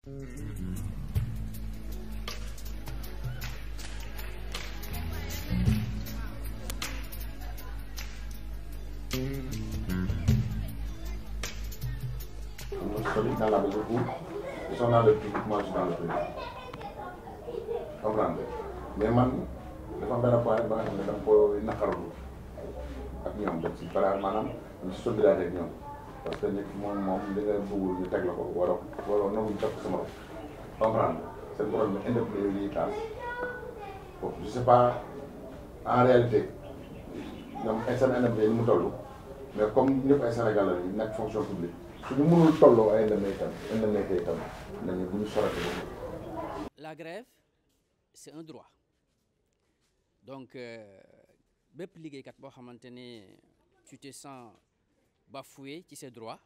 solide dans la mesure où ils sont dans le public, moi je suis dans le privé. comprendre mais man dafa am benn point ba nga xam ne dama ko naqarlu ak ñoom donc si par maanaam ñu solidarité ak ñoom. parce que nit moom moom li nga bëggul ñu teg la ko waroo waroo nanguñ teg ko sama comprendre seen problème bi indépendance lii taas bon je sais pas en réalité ñoom seen indépendance yi mu toll mais comme ñëpp ay Sénégalais yi nekk fonction publique suñu mënul tolloo ay indépendance itam indépendance itam nañu bu ñu sorate la grève c'est un droit donc euh, bépp liggéeykat boo xamante ni tu te sens bafoué ci ses droits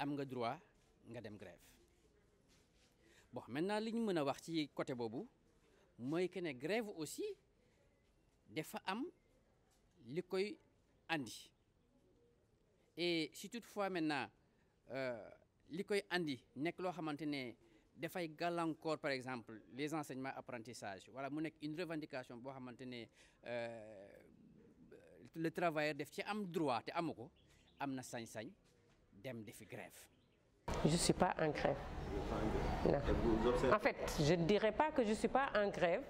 am nga droit nga dem grève bon maintenant li mëna wax ci côté bobu moy que ne grève aussi dafa am likoy andi et si toutefois maintenant euh likoy andi nek lo xamantene ne galancor par exemple les enseignements apprentissage voilà mu nekk une revendication boo xamante ne euh, le travailleur def ci am droit te amoko je ne suis pas en grève. En fait, je ne dirais pas que je ne suis pas en grève,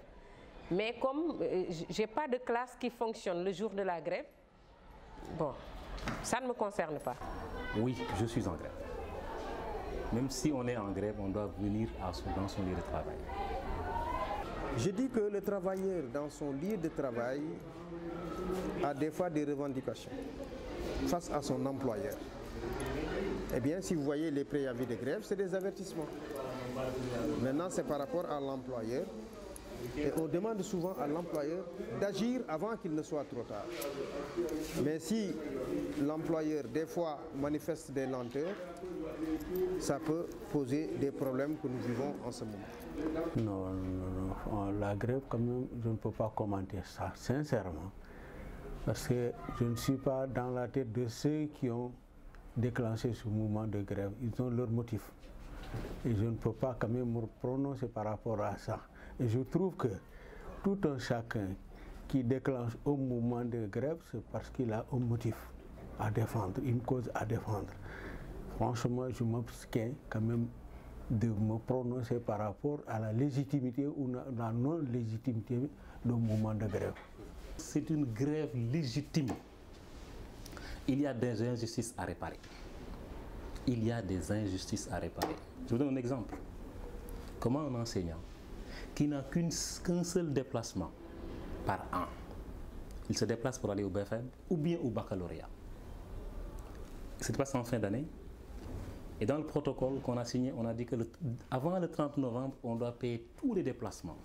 mais comme euh, je n'ai pas de classe qui fonctionne le jour de la grève, bon, ça ne me concerne pas. Oui, je suis en grève. Même si on est en grève, on doit venir à dans son lieu de travail. Je dis que le travailleur dans son lieu de travail a des fois des revendications face à son employeur. Eh bien, si vous voyez les préavis de grève, c'est des avertissements. Maintenant, c'est par rapport à l'employeur. Et on demande souvent à l'employeur d'agir avant qu'il ne soit trop tard. Mais si l'employeur, des fois, manifeste des lenteurs, ça peut poser des problèmes que nous vivons en ce moment. Non, non, non. La grève, quand même, je ne peux pas commenter ça, sincèrement parce que je ne suis pas dans la tête de ceux qui ont déclenché ce mouvement de grève. Ils ont leur motif. Et je ne peux pas quand même me prononcer par rapport à ça. Et je trouve que tout un chacun qui déclenche un mouvement de grève, c'est parce qu'il a un motif à défendre, une cause à défendre. Franchement, je m'obstiens quand même de me prononcer par rapport à la légitimité ou la non-légitimité d'un mouvement de grève. C'est une grève légitime. Il y a des injustices à réparer. Il y a des injustices à réparer. Je vous donne un exemple. Comment un enseignant qui n'a qu'un seul déplacement par an, il se déplace pour aller au BFM ou bien au baccalauréat. C'est passé en fin d'année. Et dans le protocole qu'on a signé, on a dit que avant le 30 novembre, on doit payer tous les déplacements.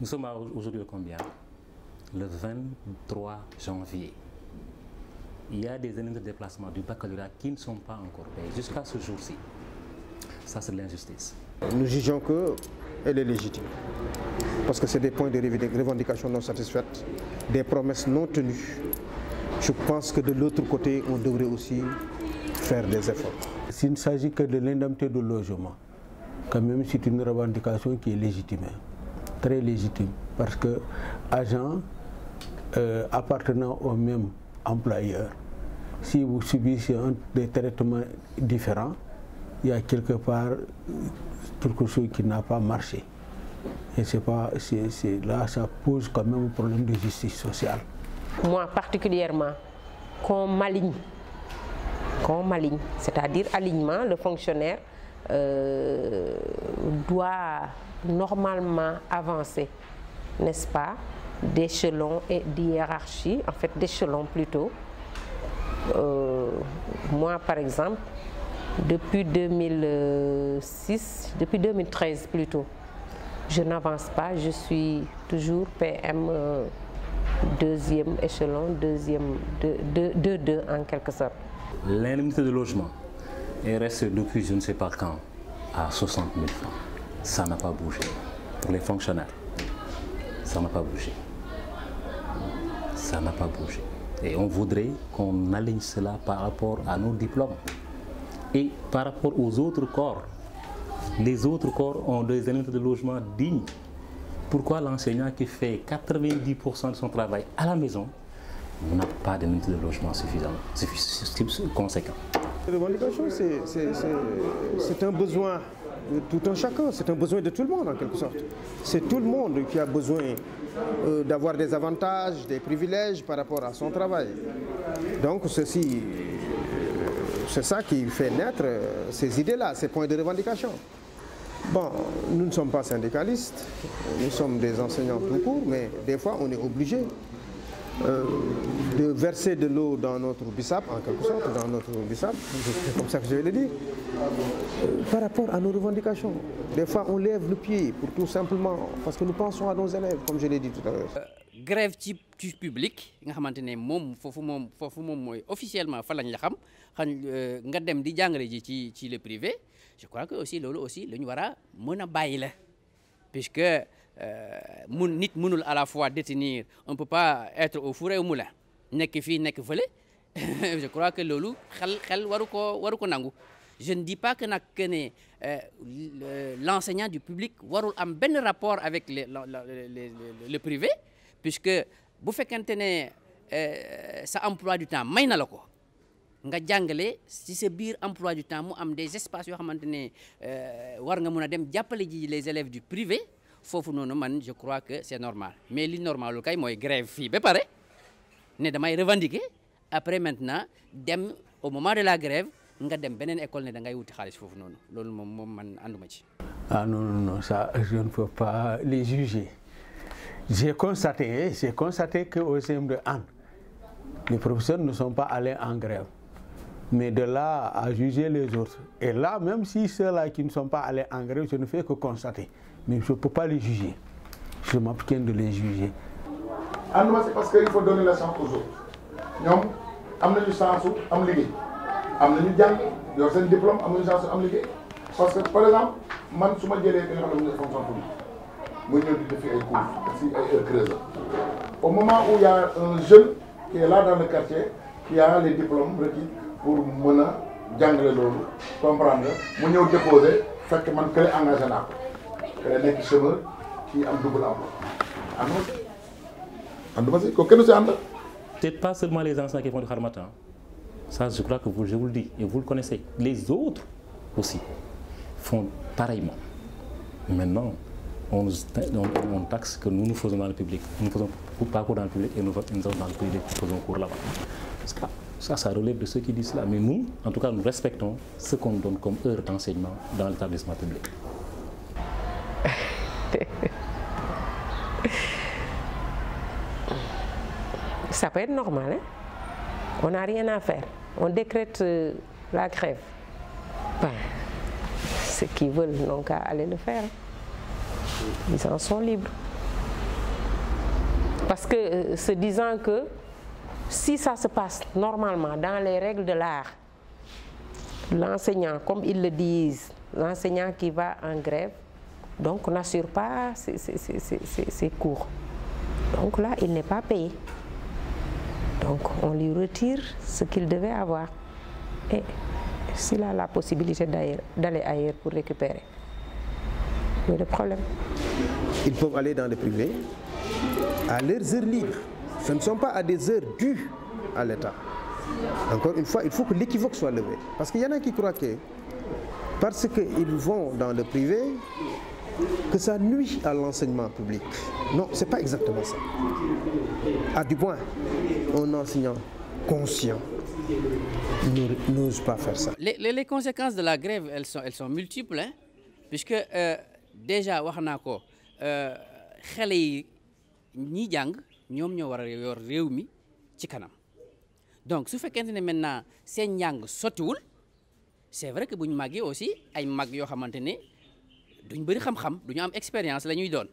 Nous sommes aujourd'hui combien le 23 janvier. Il y a des années de déplacement du baccalauréat qui ne sont pas encore payés jusqu'à ce jour-ci. Ça, c'est l'injustice. Nous jugeons qu'elle est légitime. Parce que c'est des points de revendication non satisfaites, des promesses non tenues. Je pense que de l'autre côté, on devrait aussi faire des efforts. S'il ne s'agit que de l'indemnité de logement, quand même c'est une revendication qui est légitime, très légitime, parce que agent euh, appartenant au même employeur, si vous subissez un, des traitements différents, il y a quelque part quelque chose qui n'a pas marché. Et c'est pas, là, ça pose quand même un problème de justice sociale. Moi particulièrement, qu'on m'aligne, qu'on m'aligne, c'est-à-dire alignement, le fonctionnaire euh, doit normalement avancer, n'est-ce pas d'échelon et d'hierarchie en fait d'échelon plutôt. Euh, moi par exemple, depuis 2006, depuis 2013 plutôt, je n'avance pas, je suis toujours PM euh, deuxième échelon, deuxième, 2-2 en quelque sorte. L'indemnité de logement est restée depuis je ne sais pas quand à 60 000 francs. Ça n'a pas bougé pour les fonctionnaires. Ça n'a pas bougé ça n'a pas bougé. Et on voudrait qu'on aligne cela par rapport à nos diplômes et par rapport aux autres corps. Les autres corps ont des éléments de logement dignes. Pourquoi l'enseignant qui fait 90% de son travail à la maison n'a pas de de logement suffisant, conséquent les c'est un besoin de tout un chacun, c'est un besoin de tout le monde en quelque sorte. C'est tout le monde qui a besoin euh, d'avoir des avantages, des privilèges par rapport à son travail. Donc ceci, c'est ça qui fait naître euh, ces idées-là, ces points de revendication. Bon, nous ne sommes pas syndicalistes, nous sommes des enseignants tout court, mais des fois on est obligé euh, de verser de l'eau dans notre bissap, en quelque sorte, dans notre bissap, c'est comme ça que je vais le dire, euh, par rapport à nos revendications. Des fois, on lève le pied pour tout simplement, parce que nous pensons à nos élèves, comme je l'ai dit tout à l'heure. Euh, grève type du public, nga xamantene mom fofu mom fofu mom moy officiellement fa lañ la xam devons nga dem di jangale ji ci le privé je crois que aussi lolo aussi nous wara mona bayyi puisque euh, mon, nit à la fois détenir on peut pas être au four et au moulin nekk fii nekk volé. je crois que loolu xel xel waru ko waru ko nangu je ne dis pas que nag que euh, l'enseignant du public warul am bon rapport avec le le privé puisque bu fekkente ne euh, sa emploi du temps may na la ko nga jàngale ci emploi du temps mu am des espaces yo xamantene euh war nga mën dem jappalé ji les élèves du privé je crois que c'est normal mais li normal kay normal, grève fi ba ne revendiquer après maintenant au moment de la grève nga dem benen école ne da ngay wouti xaliss ah non non non ça je ne peux pas les juger j'ai constaté j'ai constaté que au de les professeurs ne sont pas allés en grève mais de là à juger les autres et là même si ceux-là qui ne sont pas allés en grève je ne fais que constater mais je ne peux pas les juger. Je m'abstiens de les juger. Anduma, c'est parce qu'il faut donner la chance aux autres. ñoom am une chance su am liggéey am nañu jàng yor seen diplôme am une chance am ligue. parce que par exemple man su ma pas bi nga xam ne mu ngi fonction publique Je suis di def ay cours si ay heures au moment où il y a un jeune qui est là dans le quartier qui a les diplômes requis pour mener, a jàngale comprendre nga mu ñëw déposer que man kële engager. engager pas seulement les anciens qui font du matin hein. ça je crois que je vous le dis et vous le connaissez les autres aussi font pareillement maintenant on nous on taxe que nous nous faisons dans le public nous faisons pas dans le public et nous dans le privé nous faisons cours là-bas ça ça relève de ceux qui disent cela mais nous en tout cas nous respectons ce qu'on donne comme heure d'enseignement dans l'établissement public ça peut être normal, hein? On n'a rien à faire. On décrète euh, la grève. Ben, ceux qui veulent n'ont qu'à aller le faire. Hein. Ils en sont libres. Parce que, euh, se disant que si ça se passe normalement dans les règles de l'art, l'enseignant, comme ils le disent, l'enseignant qui va en grève, donc on n'assure pas ses, cours. Donc là, il n'est pas payé. Donc on lui retire ce qu'il devait avoir. Et s'il a la possibilité d'aller ailleurs pour récupérer. Mais le problème. Ils peuvent aller dans le privé à leurs heures libres. Ce ne sont pas à des heures dues à l'État. Encore une fois, il faut que l'équivoque soit levé. Parce qu'il y en a qui croient que parce qu'ils vont dans le privé, que ça nuit à l'enseignement public. Non, ce n'est pas exactement ça. À du point, un enseignant conscient n'ose pas faire ça. Les, conséquences de la grève, elles sont, elles sont multiples, hein, puisque euh, déjà, Wahanako, Khalei euh, Nijang, ñoo war a yor réew mi ci kanam donc su fekkente ne maintenant seen se c'est vrai que bu ñu aussi ay mag yo duñ bari xam-xam duñu am expérience lañuy doon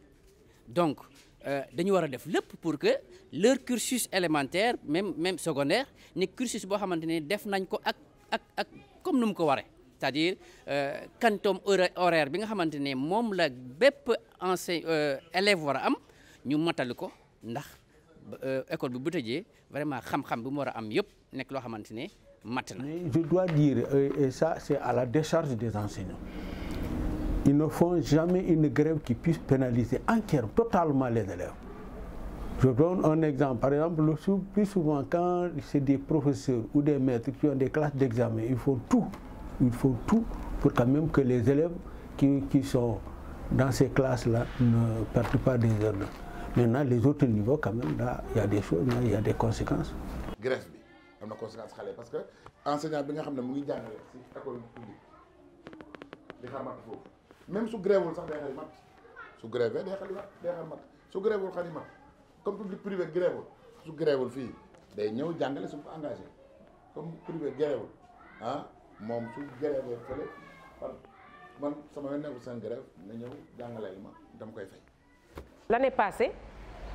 donc euh, dañu war a def lépp pour que leur cursus élémentaire même même secondaire ne cursus boo xamante ne def nañ ko ak ak ak comme nu mu ko waree c'est-à-dire euh, quantum horaire bi nga xamante ne moom la bépp enseigne euh, élève war a am ñu matal ko ndax école bi bu tëjee vraiment xam-xam bi mu war a am yëpp nekk loo xamante ne mat na. je dois dire et ça c'est à la décharge des enseignants ils ne font jamais une grève qui puisse pénaliser entièrement, totalement les élèves. Je donne un exemple. Par exemple, le sou plus souvent, quand c'est des professeurs ou des maîtres qui ont des classes d'examen, ils font tout. Ils font tout pour quand même que les élèves qui, qui sont dans ces classes-là ne perdent pas des heures. Maintenant, les autres niveaux, quand même, là, il y a des choses, il y a des conséquences. Grève, il y a des conséquences. Parce que l'enseignant, il y a des conséquences même su grève sax day xel mat su grève day xel mat day xel mat su gréwul xel mat comme public privé grève su gréwul fi day ñew jangale su ko engagé comme privé gréwul hein ah, mom su grévé fële par man sama yoon ko seen grève na ñew jangale ma dam koy fay. l'année passée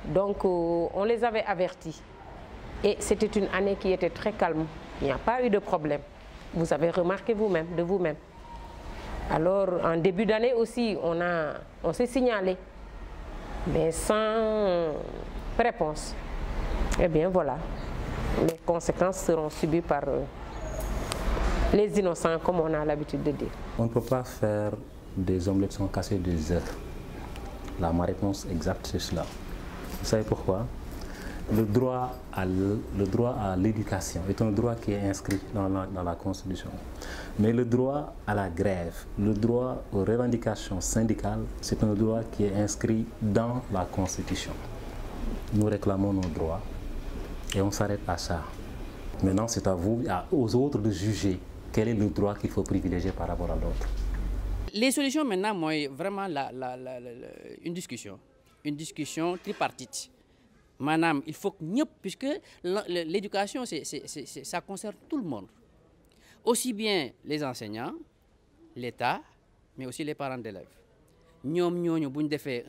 donc euh, on les avait avertis et c'était une année qui était très calme il n'y a pas eu de problème vous avez remarqué vous-même de vous-même. Alors en début d'année aussi, on, s'est signalé, mais sans réponse. Eh bien voilà, les conséquences seront subies par euh, les innocents, comme on a l'habitude de dire. On ne peut pas faire des omelettes sans casser des œufs. Là, ma réponse exacte, c'est cela. Vous savez pourquoi le droit à l'éducation est un droit qui est inscrit dans dans la Constitution. Mais le droit à la grève, le droit aux revendications syndicales, c'est un droit qui est inscrit dans la Constitution. Nous réclamons nos droits et on s'arrête à ça. Maintenant, c'est à vous, aux autres de juger quel est le droit qu'il faut privilégier par rapport à l'autre. Les solutions maintenant, moi, vraiment une discussion, une discussion tripartite. Madame, il faut que, puisque l'éducation, ça concerne tout le monde aussi bien les enseignants l'État mais aussi les parents d'élèves Nous avons fait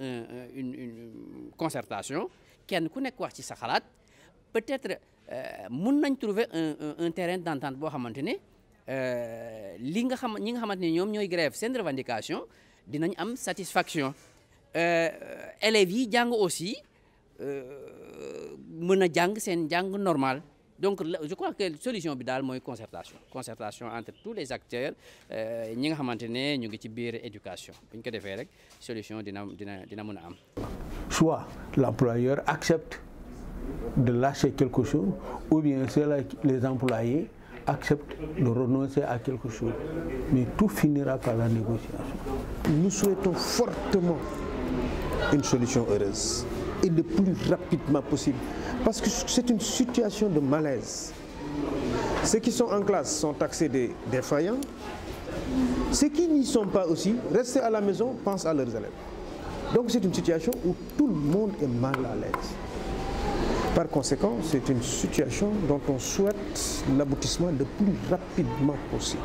une concertation ci peut-être euh, nous nañ trouver un un terrain d'entente pour maintenir fait euh, li nga xam ñi nga C'est une grève revendication dinañ satisfaction euh, élèves est aussi une a normale donc je crois que la solution bi c'est la concertation concertation entre tous les acteurs euh, Nous avons éducation solution soit l'employeur accepte de lâcher quelque chose ou bien les employés acceptent de renoncer à quelque chose mais tout finira par la négociation. Nous souhaitons fortement une solution heureuse et le plus rapidement possible. Parce que c'est une situation de malaise. Ceux qui sont en classe sont taxés des défaillants. Ceux qui n'y sont pas aussi, restés à la maison, pensent à leurs élèves. Donc c'est une situation où tout le monde est mal à l'aise. Par conséquent, c'est une situation dont on souhaite l'aboutissement le plus rapidement possible.